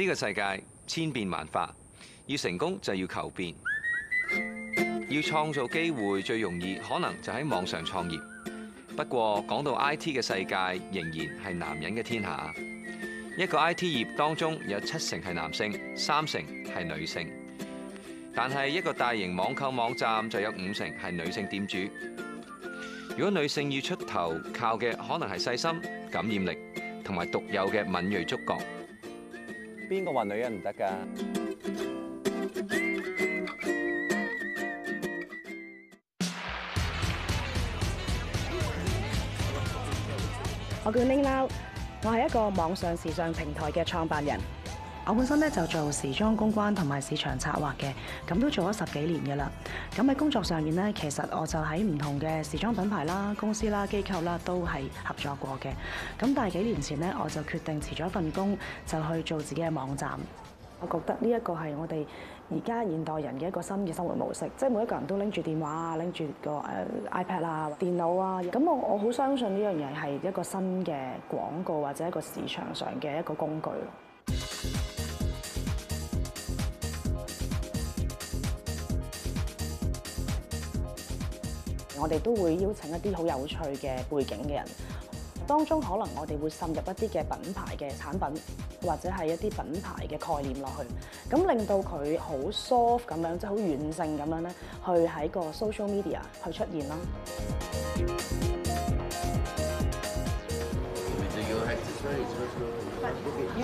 呢個世界千變萬化，要成功就要求變，要創造機會最容易可能就喺網上創業。不過講到 IT 嘅世界，仍然係男人嘅天下。一個 IT 業當中有七成係男性，三成係女性。但係一個大型網購網站就有五成係女性店主。如果女性要出頭，靠嘅可能係細心、感染力同埋獨有嘅敏鋭觸覺。邊個話女人唔得㗎？我叫 Ning Lau，我係一個網上時尚平台嘅創辦人。我本身咧就做時裝公關同埋市場策劃嘅，咁都做咗十幾年嘅啦。咁喺工作上面咧，其實我就喺唔同嘅時裝品牌啦、公司啦、機構啦，都係合作過嘅。咁但係幾年前咧，我就決定辭咗一份工，就去做自己嘅網站。我覺得呢一個係我哋而家現代人嘅一個新嘅生活模式，即係每一個人都拎住電話啊、拎住個誒 iPad 啦、電腦啊。咁我我好相信呢樣嘢係一個新嘅廣告或者一個市場上嘅一個工具。我哋都會邀請一啲好有趣嘅背景嘅人，當中可能我哋會滲入一啲嘅品牌嘅產品，或者係一啲品牌嘅概念落去，咁令到佢好 soft 咁樣，即係好軟性咁樣咧，去喺個 social media 去出現啦。因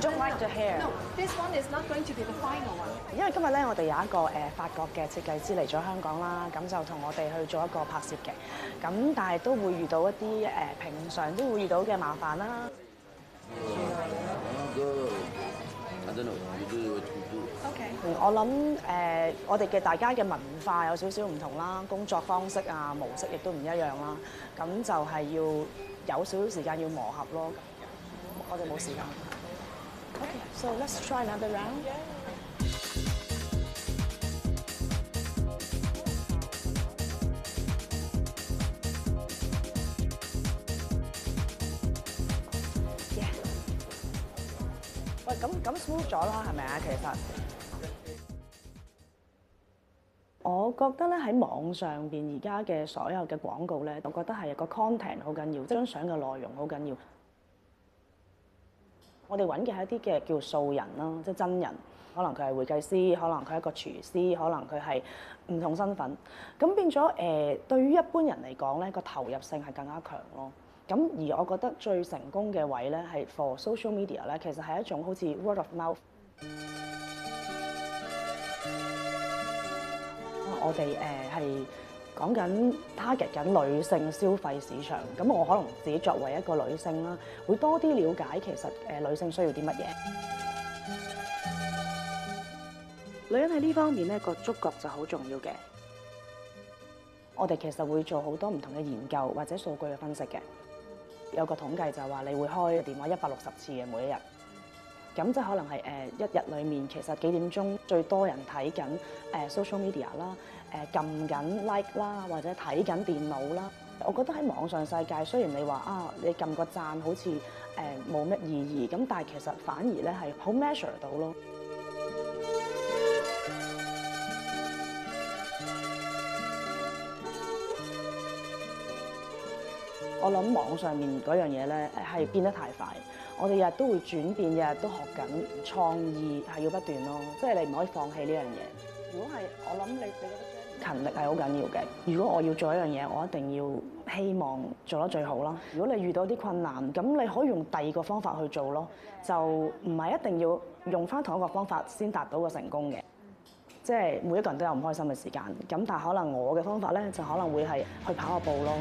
為今日咧，我哋有一個誒法國嘅設計師嚟咗香港啦，咁就同我哋去做一個拍攝嘅，咁但係都會遇到一啲誒平常都會遇到嘅麻煩啦。OK，我諗誒，我哋嘅大家嘅文化有少少唔同啦，工作方式啊模式亦都唔一樣啦，咁就係要有少少時間要磨合咯。我都冇時間。Okay，so let's try another round. Yeah. 喂，咁咁 smooth 咗啦，係咪啊？其實，我覺得咧，喺網上邊而家嘅所有嘅廣告咧，我覺得係個 content 好緊要，張相嘅內容好緊要。我哋揾嘅係一啲嘅叫素人啦，即係真人。可能佢係會計師，可能佢係一個廚師，可能佢係唔同身份。咁變咗誒、呃，對於一般人嚟講咧，個投入性係更加強咯。咁而我覺得最成功嘅位咧，係 for social media 咧，其實係一種好似 word of mouth。 啊、我哋誒係。呃講緊 target 緊女性消費市場，咁我可能自己作為一個女性啦，會多啲了解其實誒女性需要啲乜嘢。女人喺呢方面咧，個觸覺就好重要嘅。我哋其實會做好多唔同嘅研究或者數據嘅分析嘅。有個統計就係話，你會開電話一百六十次嘅每一日。咁即係可能係誒一日裡面，其實幾點鐘最多人睇緊誒 social media 啦。誒撳緊 like 啦，或者睇緊電腦啦。我覺得喺網上世界，雖然你話啊，你撳個贊好似誒冇乜意義，咁但係其實反而咧係好 measure 到咯。 我諗網上面嗰樣嘢咧係變得太快，我哋日日都會轉變，日日都學緊創意，係要不斷咯，即係你唔可以放棄呢樣嘢。 如果係我諗，你你勤力係好緊要嘅。如果我要做一樣嘢，我一定要希望做得最好咯。如果你遇到啲困難，咁你可以用第二個方法去做咯。就唔係一定要用翻同一個方法先達到個成功嘅。即係每一個人都有唔開心嘅時間，咁但係可能我嘅方法咧就可能會係去跑下步咯。